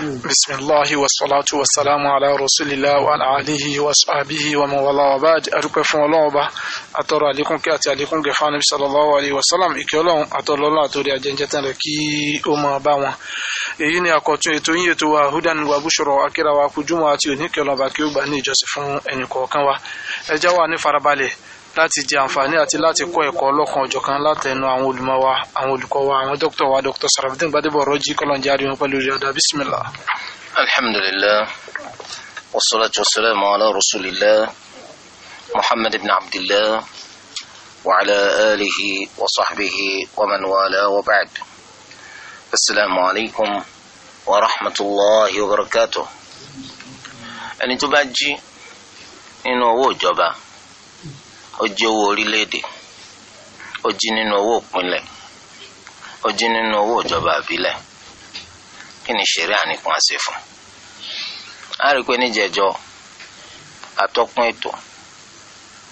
بسم الله والصلاة والسلام على رسول الله وعلى آله وصحبه ومن والاه وبعد أدوك فون الله وبا أترى عليكم كاتي عليكم كفان النبي صلى الله عليه وسلم إكيولون أترى الله أترى أجنجة لكي أما باوا èyí ni àkọ́tún ètò yín ètò wa hudan wa bushra akíra wa kujúmọ́ àti oníkẹ́lọ́ba kí ó gbà ní ìjọsìn fún láti jẹ àǹfààní àti láti kọ́ ẹ̀kọ́ ọlọ́kan ọ̀jọ̀kan látẹnu àwọn olùmọ̀ wa àwọn olùkọ́ wa àwọn dókítà wa dókítà Sàràfídìn Gbadébọ̀ rọ́jí kọ́lọ́njì àríwọ̀n pẹ̀lú rí ọ̀dà bísímìlà. alhamdulillah wasalaatu wasalaamu ala rasulillah muhammad ibn abdillah wa ala alihi wa sahbihi wa man wala wa ba'd asalaamu alaykum wa rahmatulahi wa barakatuh ẹni tó bá jí nínú owó ìjọba. No, ó jí owó orílẹ̀-èdè ó jí nínú owó ìpínlẹ̀ ó jí nínú owó ìjọba àbílẹ̀ kí ni ṣeré àníkún àṣẹ fún a rí i pé níjẹ̀jọ́ atọ́kùn ètò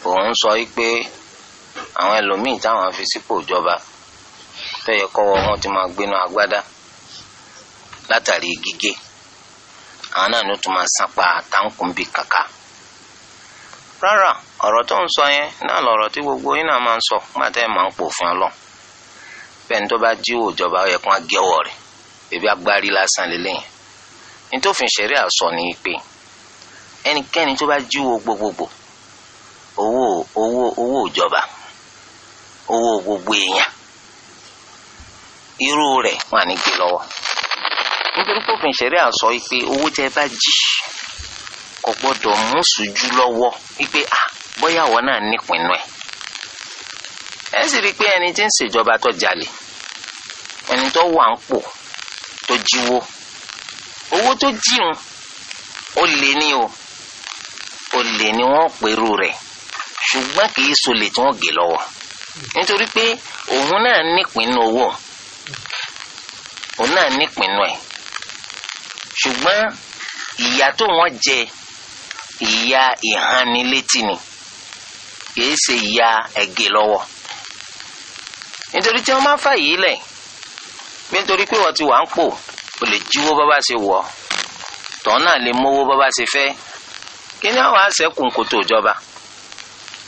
òun sọ pé àwọn ẹlòmíín táwọn fi sípò ìjọba tó yẹ kọ́wọ́ wọn ti máa gbénu agbádá látàrí gígé àwọn náà ni ó tún máa sápá táǹkùn bíi kàkà rárá. ọ̀rọ̀ tó ń sọ yẹn náà lọ̀rọ̀ tí gbogbo yín náà máa ń sọ nígbà tẹ́ ẹ̀ máa ń pò fún ọlọ́ bẹ́ẹ̀ ni tó bá jíwò ìjọba yẹ kó agẹ́wọ̀ rẹ̀ bèbí agbárí lásán lélẹ́yìn nítòfin ṣẹ̀rí àsọ ni pé ẹnikẹ́ni tó bá jíwò gbogbogbò owó owó owó ìjọba owó gbogbo èèyàn irú rẹ̀ wà ní gbé lọ́wọ́ nítorí pófin ṣẹ̀rí àsọ pé owó tẹ́ bá jì kò gbọ́dọ̀ mú sùjú lọ́wọ́ wípé ah bóyá ìwọ náà nípinnu ẹ̀ ẹ sì rí i pé ẹni tí ń ṣèjọba tó jalè ẹni tó wà ń pò tó jíwó owó tó jíun ó lè ní o ó lè ní wọ́n pèrú rẹ̀ ṣùgbọ́n kì í so lè tí wọ́n gé lọ́wọ́ nítorí pé òun náà nípinnu owó òun náà nípinnu ẹ̀ ṣùgbọ́n ìyà tó wọ́n jẹ ìyà ìhánilétí ni kìí ṣe ìyá ẹ̀gẹ́ lọ́wọ́ nítorí tí wọ́n máa fà yìí lẹ̀ bí nítorí pé wọ́n ti wà ń pò o lè jíwó bá bá ṣe wọ̀ tọ́n náà lè mówó bá bá ṣe fẹ́ kí ni àwọn àṣẹkùn kò tó jọba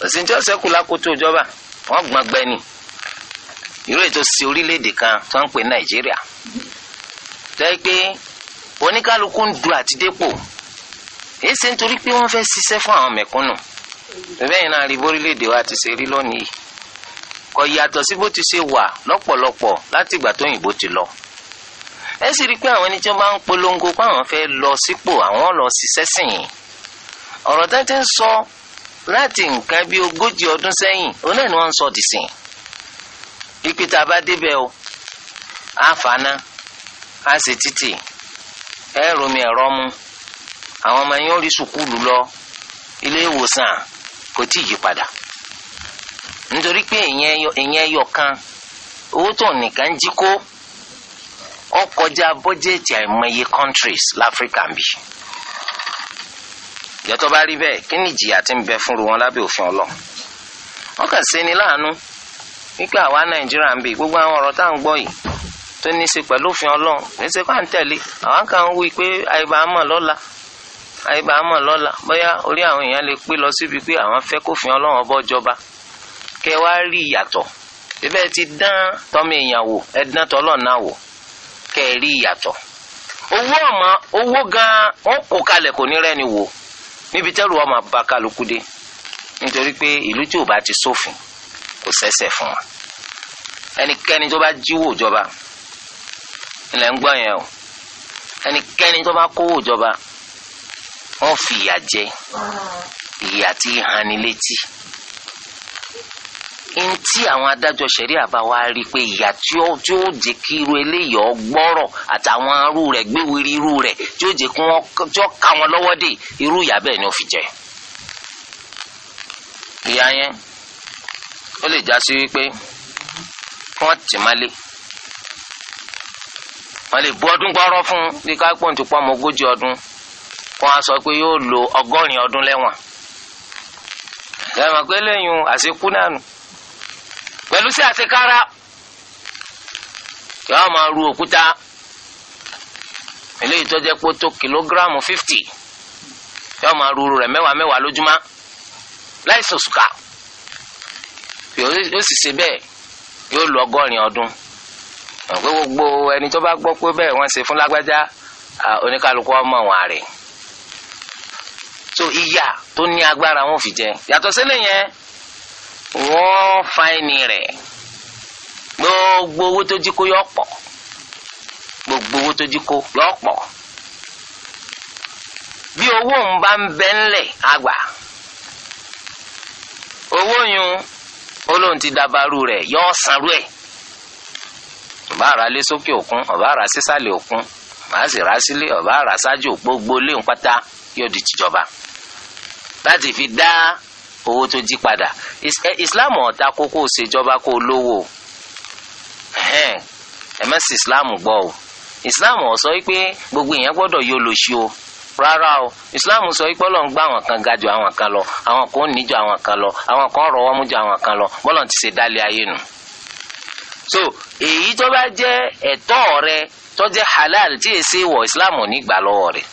òsì tí ọ̀ṣẹ́kù lákòótó jọba wọ́n gbọ́n gbẹ́ni irú ètò sí orílẹ̀-èdè kan tó ń pè Nàìjíríà tó pé oníkálukú ń du àtidépò èyí ṣe nítorí pé wọ́n fẹ́ ṣiṣẹ́ fún àwọn mẹ̀kúnnù bẹ́ẹ̀ náà rí bórílẹ̀-èdè wa ti ṣe rí lónìí kò yàtọ̀ sí bó ti ṣe wà lọ́pọ̀lọpọ̀ láti ìgbà tó òyìnbó ti lọ ẹ sì rí i pé àwọn ẹni tí wọ́n bá ń polongo pé àwọn fẹ́ lọ sípò àwọn lọ ṣiṣẹ́ sìn ọ̀rọ̀ tá ti ń sọ láti nǹkan bíi ogójì ọdún sẹ́yìn òun náà ni wọ́n ń sọ dì sìn ipe tá a bá débẹ̀ o á fana á ṣe títì ẹ romi ẹ̀rọ mu àwọn ọmọ yẹn ó rí sùkúlù lọ ilé ìwòsàn kò tí yí padà nítorí pé ìyẹn ẹyọ kan owó tó nìkan jí kó ó kọjá bọ́jẹ̀tì àìmọye countries láfíríkà ń bì ìjọtọ́ bá rí bẹ́ẹ̀ kí ni ìjìyà ti ń bẹ fún wọn lábẹ́ òfin ọlọ wọ́n kàn ṣe ni láàánú wípé àwa nàìjíríà ń bì gbogbo àwọn ọ̀rọ̀ tá à ń gbọ́ yìí tó ní í ṣe òfin ọlọ́run í ṣe àwọn kan ń pé àyíbá àmọ́ lọ́la bóyá orí àwọn èèyàn lè pé lọ síbi pé àwọn fẹ́ kófin ọlọ́run ọbọ̀ jọba kẹ wá rí ìyàtọ̀ bíbẹ́ ti dán tọ́mọ èèyàn wò ẹ dán tọ́lọ̀ náà wò kẹ rí ìyàtọ̀ owó ọmọ owó gan wọn kò kalẹ̀ kò ní rẹ́ni wò níbi tẹ́rù ọmọ bá kálukú dé nítorí pé ìlú tí ò bá ti sófin kò sẹ́sẹ̀ fún wa ẹnikẹ́ni tó bá jíwò ìjọba ilẹ̀ ń gbọ́ yẹn o ẹnikẹ́ni tó bá kówó ìjọba wọ́n fi ìyà jẹ ìyà tí hani létí n tí àwọn adájọ́ ṣẹ̀ríà bá wa rí i pé ìyà tí ó tí ó jẹ́ kí irú eléyìí ọgbọ́rọ̀ àtàwọn arú rẹ̀ gbéwìrì irú rẹ̀ tí ó jẹ́ kí wọ́n tí ó ká wọn lọ́wọ́ dé irú ìyà bẹ́ẹ̀ ni ó fi jẹ. ìyà yẹn ó lè já sí wípé kí wọ́n tì má lé wọ́n lè bu ọdún gbọ́rọ́ fún bí ká pọ̀ ní ti pọ́ ọmọ ogójì ọdún wọn a sọ pé yóò lo ọgọrin ọdún lẹwọn lẹwọn pé lẹ́yìn àṣekú náà nù pẹ̀lú sí àṣekára yóò máa ru òkúta eléyìí tó jẹ́ pé tó kìlógíráàmù fífítì yóò máa ru rẹ̀ mẹ́wàá mẹ́wàá lójúmọ́ láì sòsùkà yóò sì ṣe yóò lo ọgọ́rin ọdún pé ẹni tó bá gbọ́ pé bẹ́ẹ̀ wọ́n ṣe fún lágbájá oníkàlùkù ọmọ wọn so ìyà tó ní agbára wọn fi jẹ yàtọ sílẹ̀ yẹn wọ́n fáìní rẹ gbogbo owó tó jí kó yọ pọ̀ gbogbo owó tó jí kó yọ pọ̀ bí owó ń bá ń bẹ ńlẹ̀ àgbà owó yun olóhùn ti dabaru rẹ yọ sanru ẹ̀ ọba ara lé sókè òkun ọba ara sísàlẹ̀ òkun màá sì rà sílé ọba ara ṣáájú òpó gbolé ń pátá. yóò di tìjọba láti fi dá owó tó jí padà eh, islam ọ̀tá kókó ṣèjọba kó lówó ẹ̀mẹ́sì islam gbọ́ o islam ò sọ wípé gbogbo èèyàn gbọ́dọ̀ yóò lò sí o rárá o islam sọ wípé ọlọ́run gbá àwọn kan ga ju àwọn kan lọ àwọn kan ní ju àwọn kan lọ àwọn kan rọwọ́ mú ju àwọn kan lọ bọ́lọ̀ ti ṣe dálé ayé nu. so èyí tó bá jẹ́ ẹ̀tọ́ rẹ tó jẹ́ halal tí èsì wọ̀ islam ò ní gbà lọ́wọ́ rẹ̀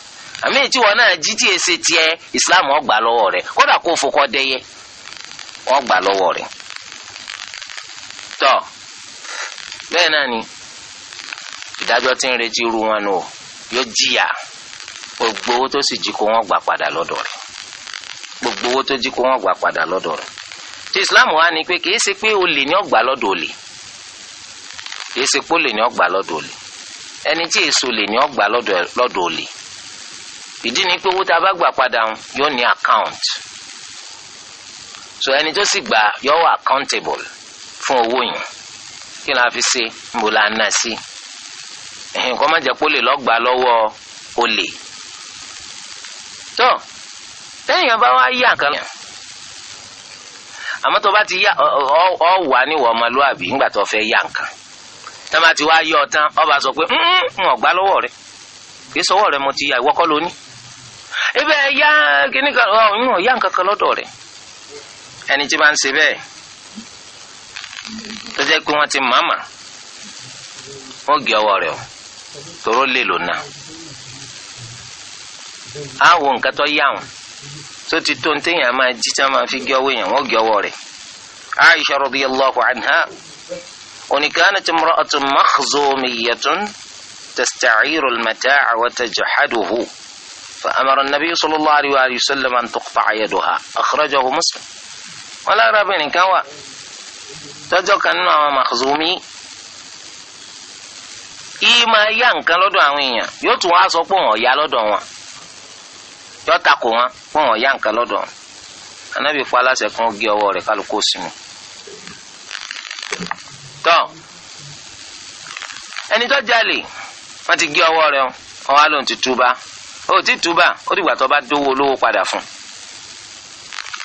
àmì ètí wọn náà jí tí èsè tiẹ̀ islam ó gbà lọ́wọ́ rẹ̀ kódà kó fokọ́ dẹyẹ ó lọwọ rẹ tọ bẹẹ bẹ́ẹ̀ náà ni ìdájọ́ tí ń retí irú wọn nù yóò jìyà gbogbo owó tó sì jí kó wọ́n gbà padà lọ́dọ̀ rẹ̀ gbogbo owó tó jí kó wọ́n gbà padà lọ́dọ̀ rẹ̀ tí islam wà ní pé kìí ṣe pé olè ní ó gbà lọ́dọ̀ olè kìí ṣe pé olè ní ó gbà lọ́dọ̀ olè ẹni tí èso olè ní ó gbà olè ìdí ni pé owó tá a bá gbà padà yóò ní account so ẹni tó sì gbà yóò wà accountable fún owó yìí kí ló fi ṣe níbo la ná sí ẹ̀hìn kọ́ má jẹ́ pé ó lè olè tó lẹ́yìn ọba wa yá nǹkan àmọ́ tó bá ti yá ọ wà níwọ̀ ọmọlúwàbí nígbà tó fẹ́ yá nǹkan tá ti wá yọ ọ tán ọba sọ pé ń ọ̀gbá lọ́wọ́ rẹ kì sọ́wọ́ mo ti yá ìwọ́kọ́ ebe ya kíní kan ọ̀hún ọ̀yá nǹkan kan lọ́dọ̀ rẹ̀ ẹni tí bá ń ṣe bẹ́ẹ̀ tó jẹ́ pé wọ́n ti ban rẹ̀ o be lò náà á wo ku yá wọn tó ti mama o gi owo ní le lo na máa to ya won so tí teeyan ma ji ta ma fi gi ọwọ́ yan wọ́n gi ọwọ́ rẹ̀ Aisha radiyallahu anha oni kanat imra'atun makhzumiyatun تستعير المتاع وتجحده فأمر النبي صلى الله عليه وآله وسلم أن تقطع يدها أخرجه مسلم ولا رابين كوا تجوك أنه مخزومي ìmọ̀ ya nǹkan lọ́dọ̀ àwọn èèyàn yóò tún wá sọ pé wọ́n ya lọ́dọ̀ wọn yóò takò wọn pé wọ́n ya nǹkan lọ́dọ̀ wọn anábì fún aláṣẹ kan gé ọwọ́ rẹ̀ kálukú sinmi. tọ́ ẹni tó jalè wọ́n ti gé ọwọ́ rẹ̀ ọwọ́ lòun ti túbá ó ti túbà ó dìgbà tó bá dówó olówó padà fún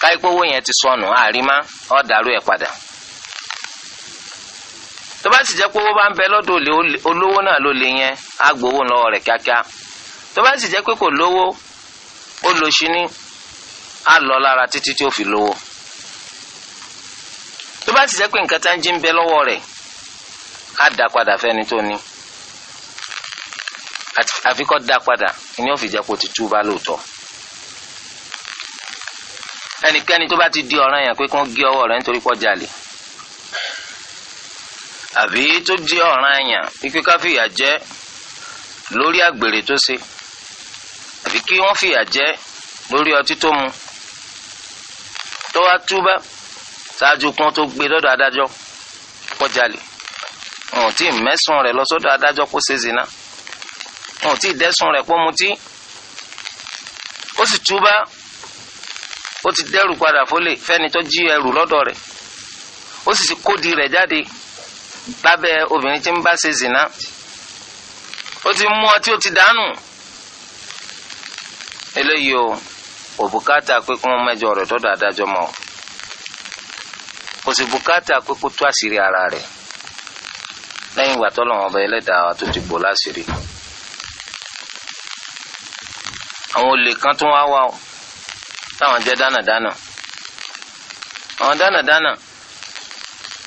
káyipówó yẹn ti sọnù àrímá ó dàrú padà tó bá sì pé owó bá ń bẹ olówó náà ló lè yẹn á gbowó kíákíá tó bá sì jẹ́ pé kò lówó ó lo ṣíní á lọ lára títí tí bá pé lọ́wọ́ á àfi kọ́ da padà ni ó fi jẹ́ kó ti tú bá lóòótọ́ ẹnikẹ́ni tó bá ti di ọ̀ràn yẹn pé kí wọ́n gé ọwọ́ rẹ̀ nítorí pọ́ jalè àbí tó di ọ̀ràn yẹn pé ká fìyà jẹ lórí àgbèrè tó ṣe àbí kí wọ́n fìyà jẹ lórí ọtí tó mu tó wá túbá ṣáájú kan tó gbé lọ́dọ̀ adájọ́ pọ́ jalè wọn ò tí ì mẹ́sàn-án rẹ̀ lọ sọ́dọ̀ adájọ́ kó ṣe zina. So wọn ò tí ì dẹ́sùn rẹ̀ pọ́ mutí ó sì túbá ó ti dẹ́rù padà fólè fẹ́ni tó jí ẹrù lọ́dọ̀ rẹ̀ ó sì ti kódi rẹ̀ jáde lábẹ́ obìnrin tí ń bá ṣe zìnà ó ti mú ọtí ó ti dànù eléyìí o òbúkátà pé kí mẹ́jọ rẹ̀ tọ́dọ̀ adájọ́ mọ́ kò sì bùkátà pé kó tú àṣírí ara rẹ̀ lẹ́yìn ìgbà tọ́lọ́wọ́n ọba ẹlẹ́dàá tó ti bò láṣìírí. àwọn olè kan tó wá wá o táwọn jẹ́ dánàdánà àwọn dánàdánà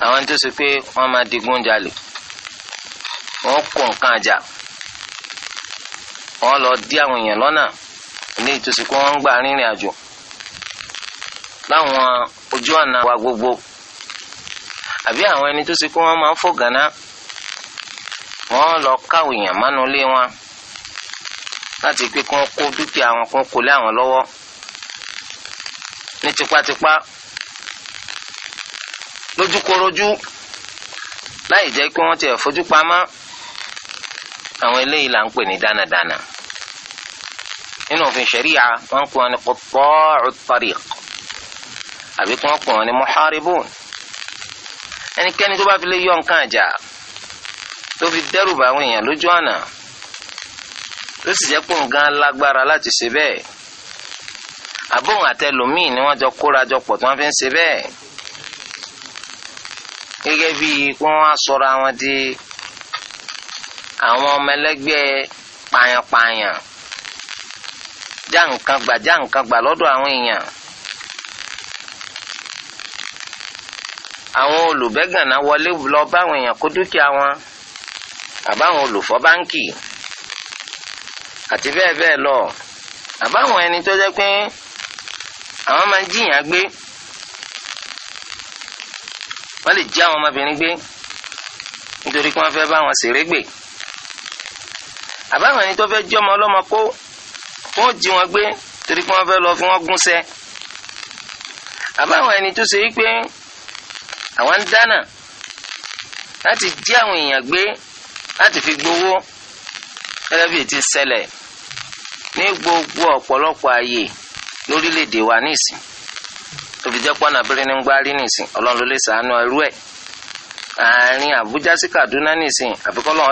àwọn tó ṣe pé wọ́n máa digun wọ́n kó nǹkan àjà wọ́n lọ dí àwọn èèyàn lọ́nà ní ìtòsí pé wọ́n ń gbà rìnrìn àjò láwọn ojú ọ̀nà wa gbogbo àbí àwọn ẹni tó ṣe pé máa ń fò lọ mánú láti pé kí wọ́n kó dúkìá wọn kó kó lé àwọn lọ́wọ́ ní tipátipá lójúkorojú láì jẹ́ pé wọ́n ti ẹ̀ fojú pamọ́ àwọn eléyìí là ń pè ní dánadáná nínú òfin ṣẹ̀ríyà wọ́n ń pè wọn ní qata'u tariq àbí kí wọ́n pè wọn ní muharibun ẹnikẹ́ni tó bá fi lè yọ nǹkan àjà tó fi dẹ́rù bá àwọn èèyàn lójú ọ̀nà ó sì jẹ́ pòun gan lágbára láti ṣe bẹ́ẹ̀ àbóhùn àtẹlòmíì ni wọ́n jọ kóra jọ pọ̀ tí wọ́n fi ń ṣe bẹ́ẹ̀ gẹ́gẹ́ bíi pé wọ́n á di àwọn ọmọ ẹlẹ́gbẹ́ payanpayan já nǹkan gbà já nǹkan gbà lọ́dọ̀ àwọn èèyàn àwọn olùbẹ́gànnà wọlé lọ báwọn èèyàn kó dúkìá wọn àbáwọn olùfọ́ báńkì. àti bẹ́ẹ̀ bẹ́ẹ̀ lọ àbáwọn ẹni tó jẹ́ pé àwọn máa ń jiyàn gbé wọ́n lè jí àwọn ọmọbìnrin gbé nítorí pé wọ́n fẹ́ bá wọn ṣeré gbè àbáwọn ẹni tó fẹ́ jí ọmọ ọlọ́mọ kó wọ́n jí wọn gbé torí pé wọ́n fẹ́ lọ fi wọ́n gúnṣẹ́ àbáwọn ẹni tó ṣe wípé àwọn ń dáná láti jí àwọn èèyàn gbé láti fi gbowó gẹ́gẹ́ bí ti ṣẹlẹ̀ ní gbogbo ọ̀pọ̀lọpọ̀ ayé lórílẹ̀‐èdè wa nísìn tóbi jẹ́ pọ́nà abẹ́rẹ́ ní gbárí nísìn ọlọ́run ló lè sàánú ẹrú ẹ̀ àárín Àbújá sí Kaduna nísìn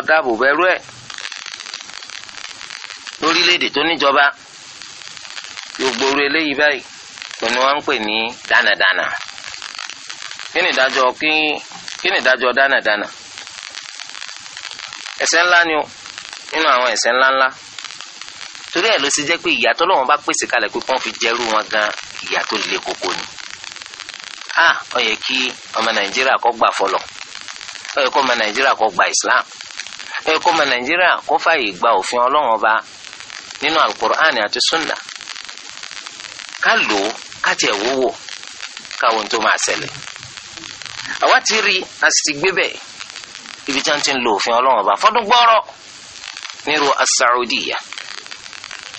dáàbò ẹ̀ lórílẹ̀‐èdè tó níjọba gbogbo orí eléyìí báyìí kò ní ni ìdájọ́ kí ni ìdájọ́ dánadáná ẹ̀ṣẹ̀ ńlá ni o nínú àwọn torí ẹ̀ ló ṣe jẹ́ pé ìyà tó lọ́wọ́n bá pèsè kalẹ̀ pé kọ́n fi jẹ́rú wọn gan ìyà tó le koko ni. a ọ yẹ kí ọmọ nàìjíríà kó gbà fọlọ̀ ọ yẹ kó ọmọ nàìjíríà kó gba islam ọ yẹ kó ọmọ nàìjíríà kó fààyè gba òfin ọlọ́wọ́n bá nínú alukur'an àti sunna ká lò ó ká tiẹ̀ wúwo káwọn tó máa ṣẹlẹ̀ àwa ti rí a gbé bẹ́ẹ̀ ibi tí wọ́n ti ń lo òfin ọlọ́wọ́n bá fọdún gbọ́rọ̀ nírú asaudiya. As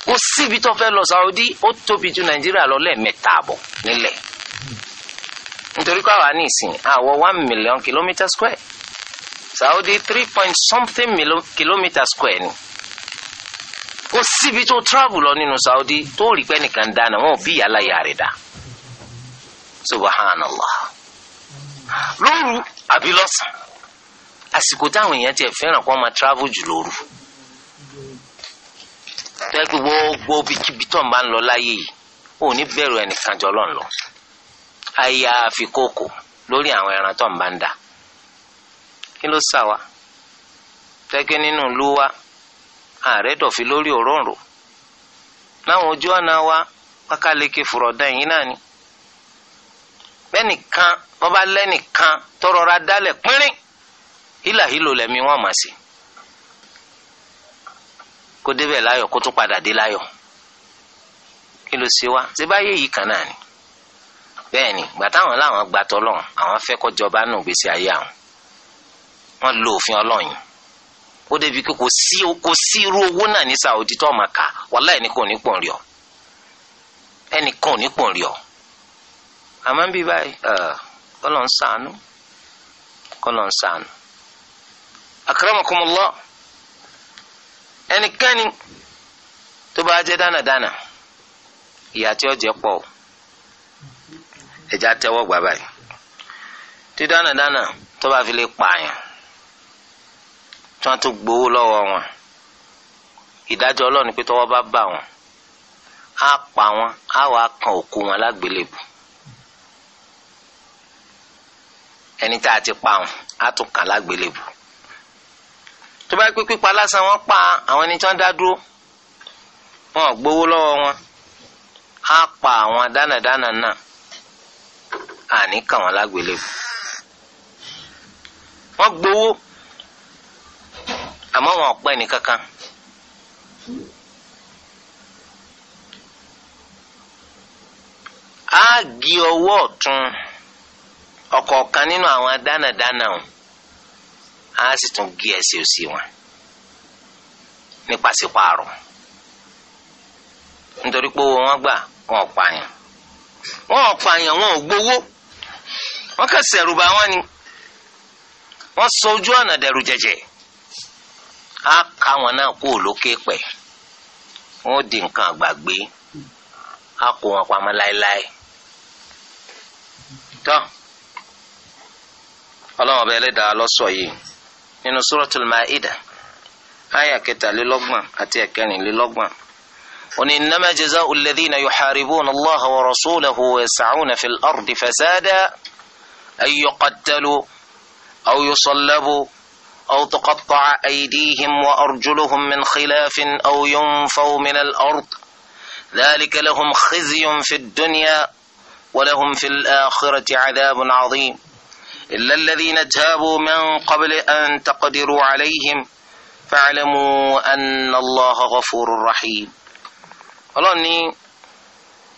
kò síbi tó fẹ́ lọ Saudi ó tóbi ju Nàìjíríà lọ lẹ́ẹ̀mẹ́ta àbọ̀ nílẹ̀ nítorí pé àwa ní ìsìn àwọ̀ one million kilometre square Saudi three point something million kilometre square ni kò síbi tó travel lọ nínú Saudi tó rí pé nìkan dáná wọn ò bí ìyá rẹ̀ dá subhanallah lóru àbí lọ́sàn àsìkò táwọn èèyàn tiẹ̀ fẹ́ràn kó máa travel jù lóru tẹ́gbẹ́ gbogbo bíkíbi tó ń bá ń lọ láyé yìí ò ní bẹ̀rù ẹnìkan jọ lọ́n lọ àyà àfikókò lórí àwọn ẹran tó ń bá ń dà kí ló sà wá tẹ́gbẹ́ nínú ìlú wa ààrẹ dọ̀fi lórí òróǹro láwọn ojú ọ̀nà wa pákáleke fùrọ̀dá yìí náà ni bẹ́nìkan bọ́bá lẹ́nìkan tọrọra dálẹ̀ pínrín hílàhílò lẹ́mí wọn mà sí i kó débẹ̀ láyọ̀ kó tún padà dé láyọ̀ kí ló ṣe wá ṣe báyé yìí kan náà ni bẹ́ẹ̀ ni gbà táwọn láwọn gba tọ́lọ́run àwọn fẹ́ kọjọba nù gbèsè ayé àwọn wọ́n lo òfin ọlọ́run ó débi pé kò sí kò sí irú owó náà ní Saudi tó ọmọ ká wàhálà ẹnìkan ò ní pọ̀ rí ọ ẹnìkan ò ní pọ̀ rí ọ àmọ́ bí báyìí kọ́lọ̀ ń sànú kọ́lọ̀ ń sànú akramakumullah ẹnikẹ́ni tó bá jẹ́ dánadáná ìyà tí ó jẹ pọ̀ o ẹja tẹ́wọ́ gbà báyìí tí dánadáná tó bá fi lè pààyàn tí wọ́n tún gbowó lọ́wọ́ wọn ìdájọ́ ọlọ́run pé tọ́wọ́ bá bà wọ́n á pa wọ́n á wà á kan òkú wọn lágbélébù ẹni tá a ti pa wọ́n á tún kàn lágbélébù tó bá pé pípa lásán wọ́n pa àwọn ẹni tí wọ́n dá dúró wọn ò gbowó lọ́wọ́ wọn á pa àwọn dánàdánà náà àní kàn wọ́n lágbélébùú wọ́n gbowó àmọ́ wọn ò pa ẹnì kankan. a gé ọwọ́ ọ̀tún ọ̀kọ̀ọ̀kan nínú àwọn dánàdánà ọ̀hún. ha si tụ gịa esi osi nwa n'ipasikwa arụ ntọghi kpọwọ wọn gba wọn ọkpanyụ wọn ọkpanyụ wọn ọgbowo wọn kasị ọrụ baa wọn ni wọn sọ oju ọnọdụ arụjị je ha ka wọn na akwụ olokepe wọn di dị agba gbee ha kụ ọnpama lai lai ta ọ bụ eledara yi. nínú suratul Maida aya kẹta kẹtàlélọ́gbọ̀n àti ẹ̀kẹrin ẹ̀kẹrìnlélọ́gbọ̀n oni innama jaza'u alladhina yuharibuna allah wa rasulahu wa yas'una fil ardi fasada an yuqattalu aw yusallabu aw tuqatta'a aydihim wa arjuluhum min khilafin aw yunfaw min al-ard dhalika lahum khizyun fid dunya wa lahum fil akhirati 'adhabun 'adhim إلا الذين تابوا من قبل أن تقدروا عليهم فاعلموا أن الله غفور رحيم ọlọ́run ní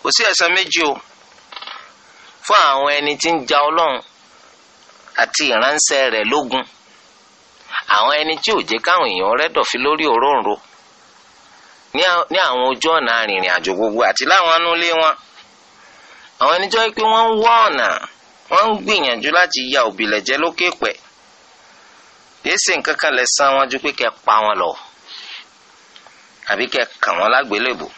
kò sí ẹ̀san méjì o fún àwọn ẹni tí ń ja ọlọ́run àti ìránṣẹ́ rẹ̀ lógun àwọn ẹni tí ò jẹ́ káwọn èèyàn rẹ̀ dọ̀fi lórí òróǹro ní àwọn ojú ọ̀nà arìnrìn àjò gbogbo àti láwọn anúlé wọn àwọn ẹni tó wọ́n ń wá ọ̀nà wọ́n ń gbìyànjú láti ya òbílẹ̀ jẹ́ lókè pẹ̀ yéésì nǹkan kan lè san wọn ju pé kẹ́ pa wọn lọ àbí kẹ́ kàn wọn lágbélébò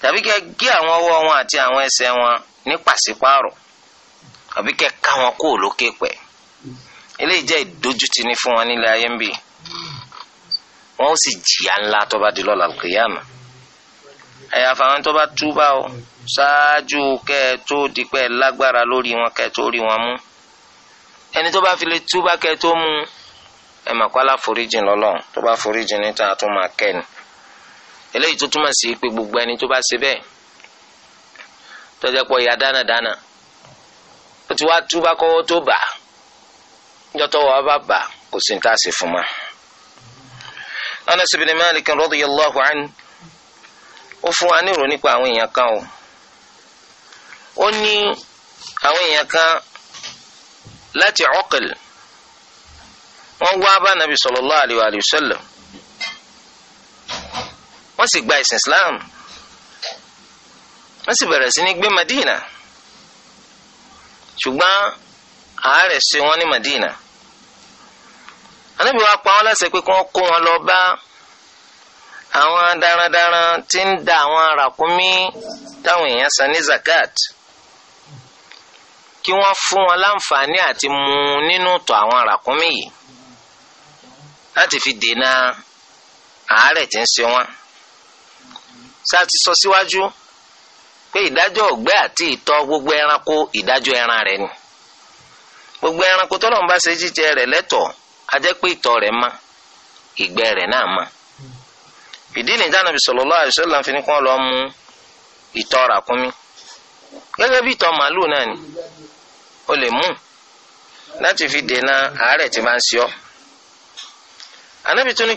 tàbí kẹ́ gé àwọn ọwọ́ wọn àti àwọn ẹsẹ̀ wọn ní pàṣípààrọ̀ àbí kẹ́ ká wọn kó lókè pẹ̀ eléyìí jẹ́ ìdójútì ní fún wọn nílé ayé ń bì wọ́n ó sì jìyà ńlá tó bá di lọ́la kìyàmù àyàfà àwọn tó bá túbà o ṣáájú kẹ́ ẹ tó dipẹ́ lágbára lórí wọn kẹ́ ẹ tó rí wọn mú ẹni tó bá fi lè túbà kẹ́ ẹ tó mú ẹ mà kọ́ aláforíjìn lọ́lọ́run tó bá foríjìn níta tó máa kẹ́ ni eléyìí tó túmọ̀ sí pé gbogbo ẹni tó bá ṣe bẹ́ẹ̀ tọ́jà pọ̀ ìyá dánadáná ó ti wá túbà kọ́wọ́ tó bà yọtọ̀wọ́ bá bà kò sí ní tá a ṣe fún ma. Anas ibn Malik radiyallahu anhu. ó fún wa nírò nípa àwọn èèyàn kan o ó ní àwọn èèyàn kan láti Uqil wọ́n wá bá nàbì sallallahu alayhi wa sallam wọ́n sì gba ìsìn Islam wọ́n sì bẹ̀rẹ̀ sí ní gbé Madina ṣùgbọ́n àárẹ̀ ṣe wọ́n ní Madina Ànábì wa pa wọ́n láṣẹ pé kí wọ́n kó wọn lọ bá. àwọn darandaran tí ń da àwọn ràkúnmí táwọn èèyàn san ní zakat kí wọ́n fún wọn láǹfààní àti mu nínú tọ̀ àwọn ràkúnmí yìí láti fi dènà àárẹ̀ tí ń ṣe wọ́n sáà ti sọ síwájú pé ìdájọ́ ọ̀gbẹ́ àti ìtọ̀ gbogbo ẹranko ìdájọ́ ẹran rẹ̀ ni gbogbo ẹranko tọ́lọ́run ṣe jíjẹ rẹ̀ lẹ́tọ̀ọ́ a jẹ́ pé ìtọ̀ rẹ̀ mọ́ ìgbẹ́ rẹ̀ náà mọ́ ìdí nìjà nàbì sallallahu alaihi wasallam fi ní lọ gẹ́gẹ́ bí ìtọ̀ màálù náà ni o lè mú láti fi dènà àárẹ̀ tí máa ń ṣe ọ́ ànábì ní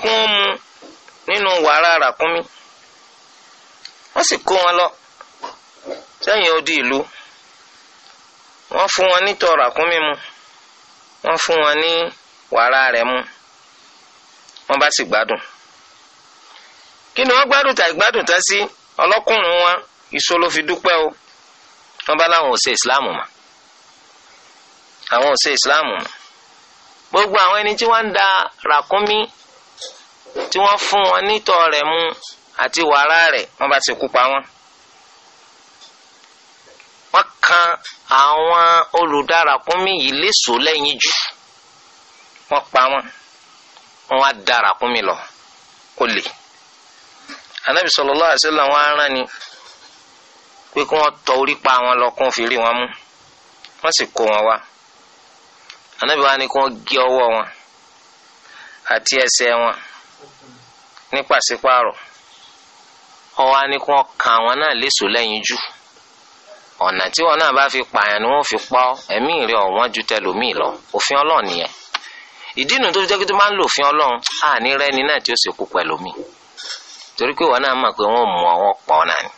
nínú wàrà ràkúnmí wọ́n sì kó wọn lọ sẹ́yìn odi ìlú wọ́n fún wọn ràkúnmí mu wọ́n fún wọn ní wàrà rẹ̀ mu wọ́n bá sì kí ni wọ́n gbádùn tàì gbádùn tán sí ọlọ́kùnrin wọn ìṣó ló fi dúpẹ́ o wọ́n bá láwọn ò ṣe ìsìláàmù mọ́ àwọn ò ṣe ìsìláàmù mọ́ gbogbo àwọn ẹni tí wọ́n ń da ràkúnmí tí wọ́n fún wọn nítọ̀ rẹ̀ mu àti wàrà rẹ̀ wọ́n bá ti kú pa wọ́n. wọ́n kan àwọn olùdaràkúnmí yìí léṣo lẹ́yìn jù wọ́n pa wọ́n wọ́n á daràkúnmí lọ kó lè anabi sallallahu alaihi wasallam wọn aràn ni pé kí wọ́n tọ orí pa àwọn lọ kún fìrí wọn mú wọ́n sì kó wọn wá anabi wa ni kí wọ́n gé ọwọ́ wọn àti ẹsẹ̀ wọn ní pàṣípààrọ̀ ọwọ́ ni kí wọ́n kà wọn náà léṣo lẹ́yìn jù ọ̀nà tí wọn náà bá fi pààyàn ni wọ́n fi pa ọ́ ẹ̀mí rẹ̀ ọ̀wọ́n ju tẹlòmíì lọ òfin ọlọ́ọ̀ ìdí nu tó jẹ́ kí tó máa ń lò ọlọ́run àní rẹ́ni náà tí ó sì kú pẹ̀lòmíì torí pé wọn náà mọ̀ pé wọn ò mú ọwọ́ pọ̀ náà ni.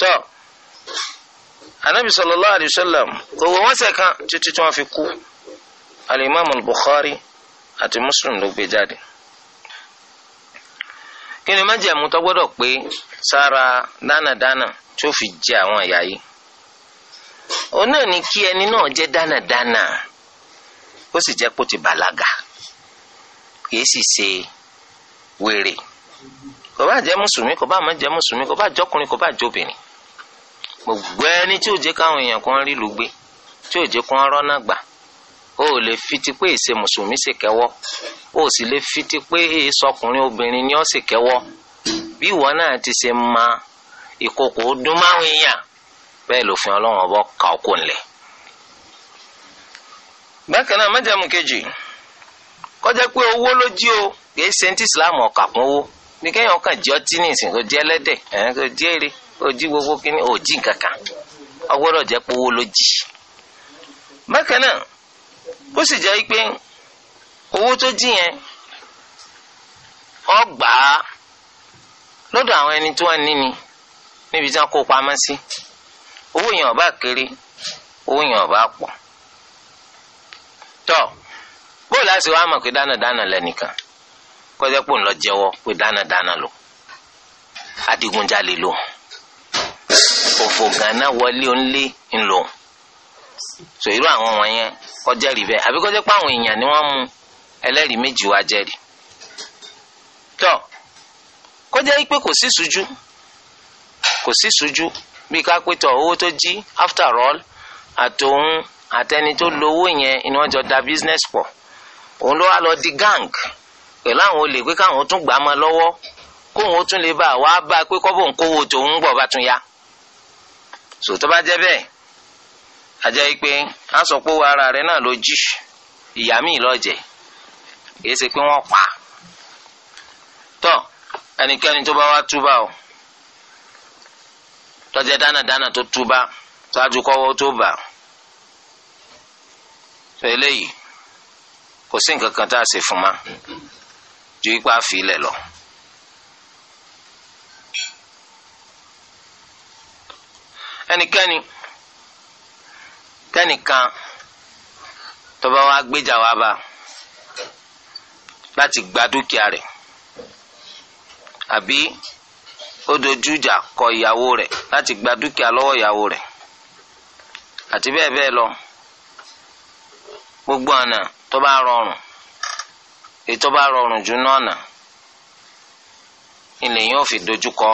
tọ́ anabi sallallahu alayhi wa sallam owó wọn sẹ̀ kan títí tí wọ́n fi kú alimami bukhari àti muslim ló gbé jáde. kí ni májèmú tó gbọ́dọ̀ pé sára dánadáná tí ó fi jẹ àwọn ẹ̀yà yìí. òun náà ni kí ẹni náà jẹ́ dánadáná ó sì jẹ́ kó ti bàlágà kì í sì ṣe wèrè kò bá jẹ́ mùsùlùmí kò bá má jẹ́ mùsùlùmí kò bá jọkùnrin kò bá jóbìnrin gbogbo ẹni tí ò jẹ́ káwọn èèyàn kan rí lùgbé tí ò jẹ́ kán rọ́nà gbà o ò lè fi ti pé èsè mùsùlùmí sì kẹ́wọ́ o sì lè fi ti pé èsọkùnrin obìnrin ni ó sì kẹ́wọ́ bí ìwọ náà ti ṣe ma ìkòkò dún máwọn èèyàn bẹ́ẹ̀ lòfin ọlọ́run ọbọ̀ kà ó kò nílẹ̀. bákan náà májẹ̀mú kejì kọjá pé owó ló jí o kì í ṣe ní ti ìsìláàmù ọ̀kà kún owó. bí kẹ́yìn ọkàn jẹ́ ọtí ní ìsìn kò jẹ́ ẹlẹ́dẹ̀ ẹ̀hìn kò jẹ́ èrè kò jí gbogbo kíní ò jí kankan ọgbọ́dọ̀ jẹ́ pé ló jí. bákan náà ó sì jẹ́ pé owó tó jí yẹn ọgbà lọ́dọ̀ àwọn ẹni tó wà níní níbi tí wọ́n kó pamọ́ sí owó yẹn ọba kéré owó yẹn ọba pọ̀ tọ́ bóòlù àti wàá mọ̀ pé dánadáná lẹ́nìkan. kọjá pò ń lọ jẹ́wọ́ pé dánadáná lò adigunjalè lò òfò gánà wọlé onílé ńlò so irú àwọn wọ̀nyẹn kọjá rí bẹ́ẹ̀ àbí kọjá pé àwọn èèyàn ni wọ́n mú ẹlẹ́rìí méjì wá jẹ́rìí tọ́ kọjá yìí pé kò sí sùjú kò sí sùjú bí ká pé tọ owó tó jí after all àtòun àtẹni tó lówó yẹn ni wọ́n jọ da business pọ̀ òun ló wá lọ di gang pẹ̀lú àwọn olè pé káwọn tún gbà á mọ́ lọ́wọ́ kóun ó tún bá wa bá a pé kọ́bọ̀ ń kówó tòun bọ̀ bá tún ya sòtọ́ bá jẹ́ bẹ́ẹ̀ ajá yìí pé a sọ pé ara rẹ̀ náà ló jí ìyá mi lọ́jẹ̀ kìí ṣe pé wọ́n pa tọ́ ẹnikẹ́ni tó bá wá túbà o tọ́jẹ́ dánadáná tó túbà ṣáájú kọ́wọ́ tó bà ṣe eléyìí kò sí nǹkan kan tá a ṣe ma. ju ipa filẹ̀ lọ. ẹnikẹ́ni tẹ́nìkan tó bá wá gbéjà wá bá láti gba dúkìá rẹ̀ àbí ó dojú ìjà kọ ìyàwó rẹ̀ láti gba dúkìá lọ́wọ́ ìyàwó rẹ̀ àti bẹ́ẹ̀ bẹ́ẹ̀ lọ gbogbo ọ̀nà tó rọrùn ètò bá rọrùn jù náà nà ilẹ̀ yóò fi dojúkọ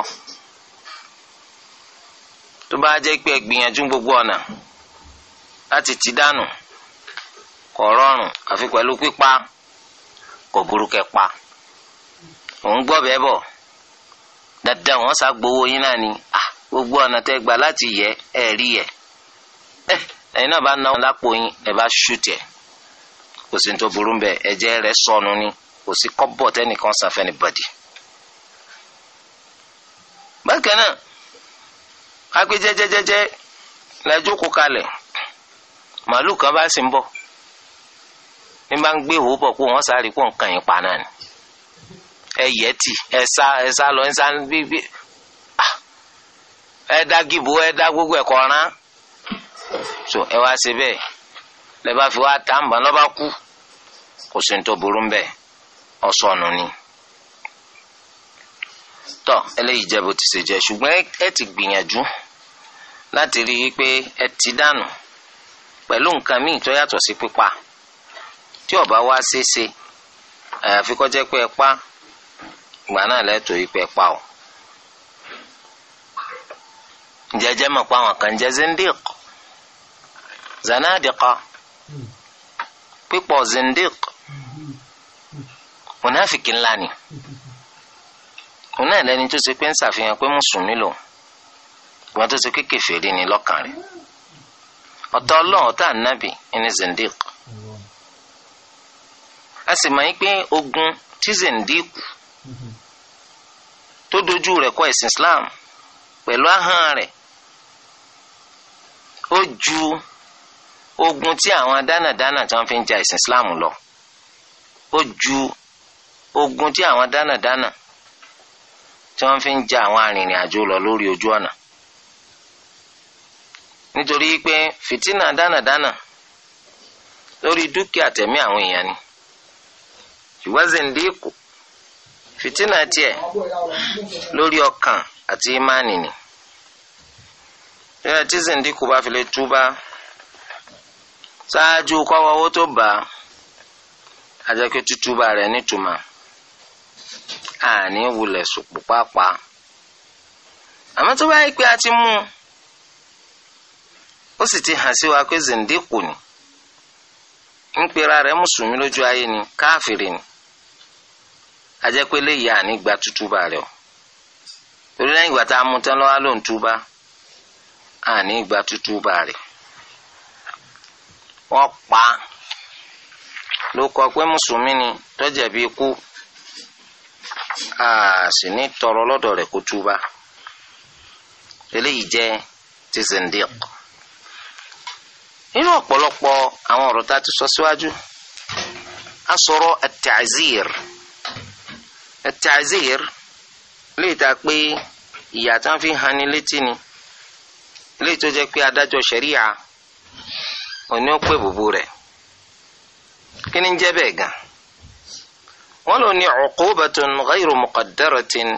tó bá jẹ́ pé gbìyànjú gbogbo ọ̀nà láti ti dànù kò rọrùn àfi pẹ̀lú pípa kò burú pa òun gbọ́ bẹ́ẹ̀ bọ̀ dáadáa wọ́n sá gbowó yín náà ni gbogbo ọ̀nà tẹ́ gbà láti yẹ ẹ̀ rí yẹ ẹ̀ ẹ̀yin náà bá náwó lápò yín ẹ̀ bá ṣùtì ẹ̀. kò sí ní tó burú bẹ́ẹ̀ ẹ̀jẹ̀ rẹ̀ sọnù ni kò sí kọ́bọ̀ tẹ́nìkan san bákan náà agbe kó kalẹ̀ màálù kan bá sì ń bọ̀ ní bá ń gbé ìhó bọ̀ kó wọ́n sáré kó nǹkan yìí ẹ so ẹ wá leba fi wa ta nbà lọ́ba ku kò sí ní tó burú ń bẹ̀ ọ̀sọ̀nù ni. je eléyìí jẹ́ bó ti ṣe jẹ́ ṣùgbọ́n ẹ ti gbìyànjú láti rí i pé ẹ ti dànù pẹ̀lú nǹkan míì tó yàtọ̀ sí pípa tí ó bá ṣeéṣe àyàfi kó pé ẹ pa ìgbà náà yìí pé ẹ pa o. jẹjẹ mọ̀ pa àwọn kan jẹ́ zindiq pípọ̀ zindiq mùnáfìkì ńlá ni òun náà lẹni tó ṣe pé ń ṣàfihàn pé mùsùlùmí lò ìwọ́n tó ṣe pé kèfèrí ni lọ́kàn rẹ̀ ọ̀tá ọlọ́run ọ̀tá ànábì ẹni zindiq a sì máa ń pé ogun tí zindiq tó dojú rẹ̀ kọ ẹ̀sìn Islam pẹ̀lú ahọ́n rẹ̀ ó ju ogun tí àwọn dánàdánà tí wọ́n fi ń ja ìsìn islam lọ ó ju ogun tí àwọn dánàdánà tí wọ́n fi ń ja àwọn arìnrìn àjò lọ lórí ojú ọ̀nà nítorí pé fìtínà dánàdánà lórí dúkìá tẹ̀mí àwọn èèyàn ni ṣùgbọ́n zèndíkù fìtínà tiẹ̀ lórí ọkàn àti ìmánì ni tí bá fi lè túbá. saa kọ́wọ́ ụkọ tó bá a jẹ́ kí rẹ̀ nítumọ̀ àní wulẹ̀ sùpù pàápàá àmọ́ tó bá pé a ti mú un ó sì ti hàn sí wa pé zèǹdékù ni ń pera rẹ̀ ni ni a léyìí àní gba tútúbà rẹ̀ o torí lẹ́yìn ìgbà tá a mú tán lọ́wọ́ gba rẹ̀. wọ́n pa á ló kọ pé mùsùlùmí ni tó bí ikú a sì ní tọrọ lọ́dọ̀ rẹ̀ kó túbà eléyìí jẹ́ ti zindiq nínú ọ̀pọ̀lọpọ̀ àwọn ọ̀rọ̀ tá a ti sọ síwájú a sọ̀rọ̀ at-ta'zir at-ta'zir léèta pé ìyà tá a fi hàn ní létí ni léètò jẹ́ pé adájọ́ ṣẹ̀ríà òní ó pè bùbù rẹ̀ kí ni ń jẹ́ bẹ́ẹ̀ gan wọ́n lò ní uqubatun ghayru muqaddaratin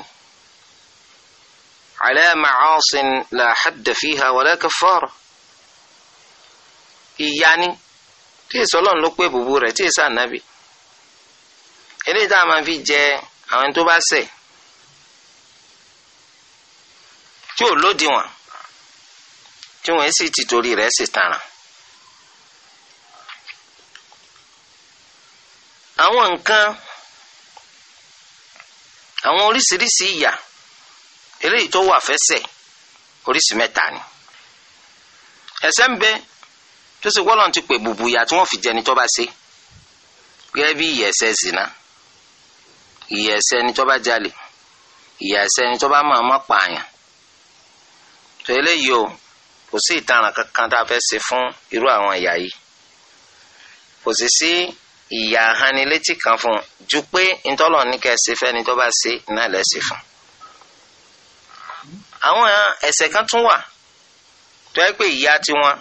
ala ma'asin la hadda fiha wala kaffara ìyá ni tí èso ọlọ́run ló pé bùbù rẹ̀ tí èso ànábì eléyìí tá a máa fi jẹ àwọn tó bá ṣẹ̀ tí ò lódiwọ̀n tí wọ́n sì ti torí rẹ̀ sì tàràn. àwọn nǹkan àwọn oríṣiríṣi ìyà eléyìí tó wà fẹ́ṣẹ̀ oríṣi mẹ́ta ni ẹ̀ṣẹ̀ ń bẹ tó ṣe wọ́lọ́n ti pè bùbù ìyà tí wọ́n fi jẹni tó bá ṣe gẹ́gẹ́ bí ìyà ẹ̀ṣẹ̀ zina ìyà ẹ̀ṣẹ̀ ni tó bá jalè ìyà ẹ̀ṣẹ̀ ni tó bá máa má pààyàn tó eléyìí o kò sí ìtaràn kankan tá a fẹ́ ṣe fún irú àwọn ìyà yìí kò sì sí ìyà ahanilétí kan fún un ju pé ntọ́lọ̀ ní ká ẹsẹ̀ fẹ́ni tó bá ṣe iná lẹ́sẹ̀ fún un. àwọn ẹ̀ṣẹ̀ kan tún wà tó yẹ pé ìyà tiwọn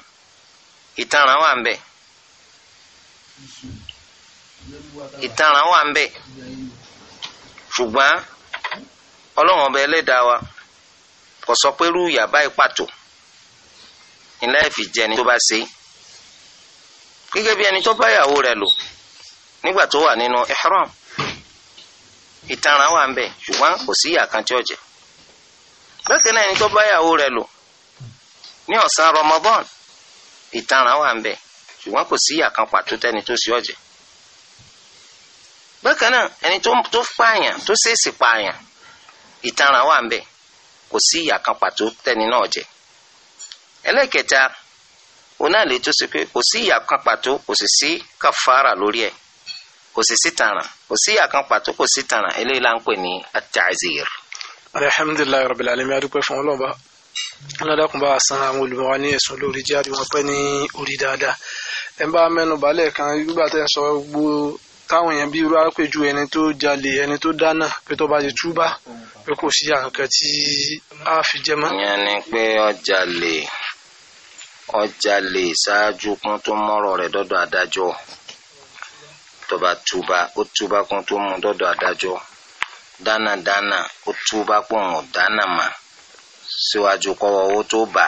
ìtanràn wà ń bẹ ìtanràn wà ń bẹ ṣùgbọ́n ọlọ́run ọba ẹlẹ́dàá wa kò sọ pé irú ìyà báyìí pàtó ilé ẹ̀fì jẹni tó bá ṣe gẹ́gẹ́ bí ẹni tó bá ìyàwó rẹ̀ lò. nígbà tó wà nínú ihram ìtanràn wà ń bẹ ṣùgbọ́n kò sí ìyà kan tí ó jẹ bákan náà ẹni tó bá yàwó rẹ̀ lò ní ọ̀sán Ramadan ìtanràn wà ń bẹ ṣùgbọ́n kò sí ìyà kan pàtó tẹ́ni tó sì ọ̀jẹ̀ bákan náà ẹni tó pààyàn tó ṣèèṣì pààyàn ìtanràn wà ń bẹ kò sí ìyà kan pàtó tẹni náà jẹ ẹlẹ́kẹta òun náà lè tó ṣe pé kò sí ìyà kan pàtó kò sì sí kàfàrà lórí ẹ̀ kò sì sí tàràn kò sí àkàn pàtó kò sí tàràn eléyìí là ń pè ní at-ta'zir. alhamdulilayi rabbil alamin adúpẹ́ fún ọlọ́ba aládàkùnbá àsan àwọn olùmọ̀ wa ní ẹ̀sùn lórí jẹ́ àdìmọ̀ pẹ́ ní orí dáadáa ẹ bá mẹ́nu balẹ̀ kan gbígbà tẹ́ ń sọ gbogbo táwọn èèyàn bí irú arápèjú ẹni tó jalè ẹni tó dáná pé tó bá ti túbà pé kò sí àǹkan tí a fi jẹ mọ́. ìyẹn ni pé ọjàlè ọjàlè ṣáájú kan tó mọ́rọ̀ rẹ̀ dọ́dọ̀ adájọ́ tọba túba ó túba kan tó mú dọ́dọ̀ adájọ́ dánadána ó túba pọ̀ wọn dáná mà síwájú kọ́wọ́ owó tó bà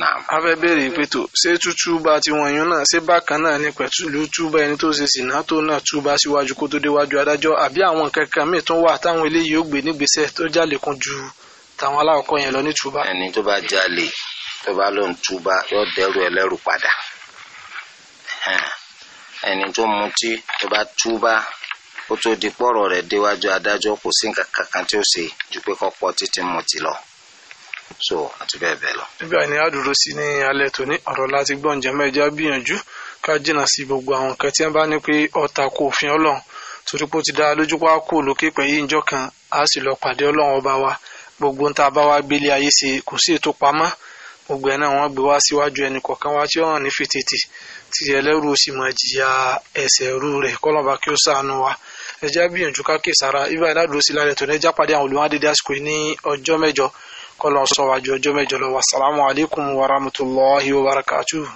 á. a fẹ́ béèrè pé tó ṣé tútúba tiwọn yún náà ṣé bákan náà ni pẹ̀tùlú túba ẹni tó ṣe sìnà tó náà túba síwájú kó tó déwájú adájọ́ àbí àwọn kankan míì tún wà táwọn eléyìí ó gbé nígbèsè tó jálè kan ju tàwọn aláwọ̀kọ́ yẹn lọ ní túba. ẹni tó bá jalè tó bá lóun túba yóò dẹrù ẹlẹ́rù padà ẹni tó mutí tó bá túbá ó tó di pọ̀rọ̀ rẹ̀ déwájú adájọ́ kò sí nǹkan kankan tí ó ṣe ju pé kó pọ̀ títí mutí lọ so àti bẹ́ẹ̀ bẹ́ẹ̀ lọ. nígbà yìí ni a dúró sí ní alẹ́ tòní ọ̀rọ̀ láti gbọ́ ǹjẹ́ mẹ́jọ gbìyànjú ká jìnnà sí gbogbo àwọn nǹkan tí wọ́n bá ní pé ọ̀tà kò òfin ọlọ́run torí pé ó ti dá lójú pa kó lókè pẹ̀ yí ìjọ kan a sì lọ pàdé ọlọ́run ọba wa gbogbo ń tá a bá wa gbélé ayé ṣe kò sí ètò pamọ́ gbogbo ẹ̀ náà wọ́n gbé wá síwájú ẹnì kọ̀ọ̀kan wá tí ó hàn ní fìtìtì tí ẹlẹ́rù sì máa jìyà ẹ̀ṣẹ̀ rú rẹ̀ kọ́lọ́ba kí ó ṣàánú wa ẹjẹ́ gbìyànjú káàkiri sára ibà ìdádúró sí lálẹ́ tó ní ẹjá pàdé àwọn olùwádìí àsìkò ní ọjọ́ mẹ́jọ kọ́lọ́ sọ ọjọ́ mẹ́jọ lọ wàsálàmù wa rahmatulahi wa barakatuh.